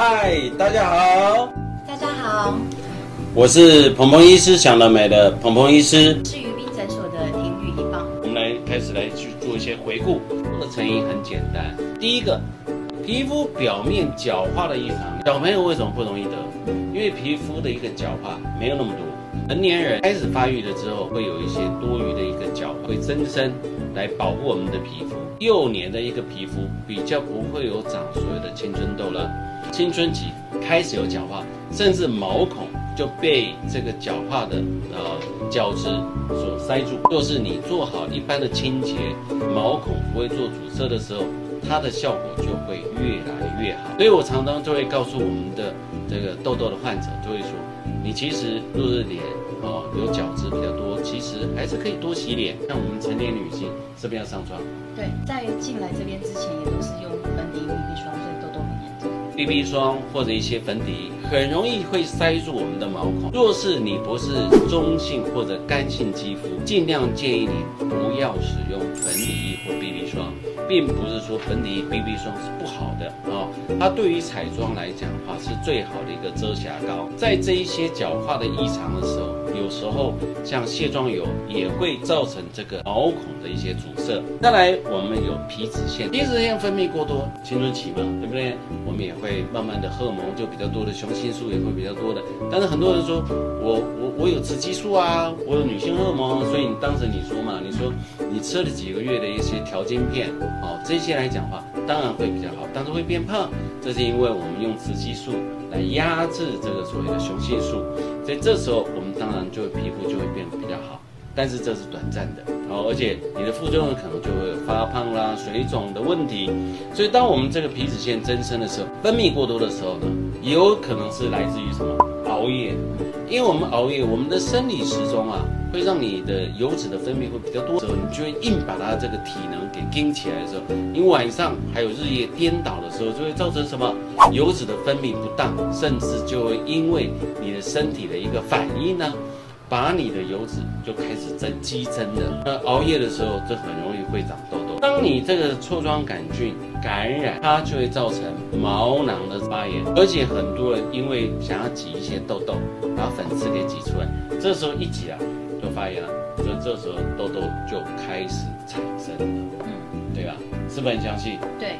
嗨，Hi, 大家好。大家好，我是澎彭醫師，想得美的澎彭醫師，是於斌診所的庭語醫邦。我們來開始來去做一些回顧。這個成因很簡單，第一個，皮膚表面角化的異常，小朋友為什麼不容易得？因為皮膚的一個角化沒有那麼多。成年人開始發育了之後，會有一些多餘的一個角會增生，來保護我們的皮膚。幼年的一個皮膚比較不會有長所謂的青春痘了，青春期開始有角化，甚至毛孔就被這個角化的呃角質所塞住。若是你做好一般的清潔，毛孔不會做阻塞的時候，它的效果就會越來越好。所以我常常就會告訴我們的這個痘痘的患者，就會說。你其實若是臉，哦，有角質比較多，其實還是可以多洗臉。像我們成年女性這邊要上妝，對，在進來這邊之前也都是用粉底液、BB 霜，所以痘痘很嚴重。BB 霜或者一些粉底很容易會塞住我們的毛孔。若是你不是中性或者乾性肌膚，儘量建議你不要使用粉底液。並不是說粉底 BB 霜是不好的啊、哦，它對於彩妝來講的話是最好的一個遮瑕膏。在這一些角化的異常的時候，有時候像卸妝油也會造成這個毛孔的一些阻塞。再來，我們有皮脂腺，皮脂腺分泌過多，青春期嘛，對不對？我們也會慢慢的荷爾蒙就比較多的雄性素也會比較多的。但是很多人說我我我有雌激素啊，我有女性荷爾蒙，所以你當時你說嘛，你說你吃了幾個月的一些調經片。哦，這些來講的話當然會比較好，但是會變胖，這是因為我們用雌激素來壓制這個所謂的雄性素，所以這時候我們當然就會皮膚就會變得比較好，但是這是短暫的哦，而且你的副作用可能就會發胖啦、水腫的問題。所以當我們這個皮脂腺增生的時候，分泌過多的時候呢，也有可能是來自於什麼熬夜，因為我們熬夜，我們的生理時鐘啊。會讓你的油脂的分泌，會比較多的時候，你就會硬把它這個體能給頂起來的時候，你晚上還有日夜顛倒的時候，就會造成什麼油脂的分泌不當，甚至就會因為你的身體的一個反應呢，把你的油脂就開始增積增的。那熬夜的時候就很容易會長痘痘。當你這個痤瘡桿菌感染，它就會造成毛囊的發炎，而且很多人因為想要擠一些痘痘，把粉刺給擠出來，這時候一擠啊。發炎，所以這時候痘痘就開始產生了，嗯，對吧？是不是很相信？對。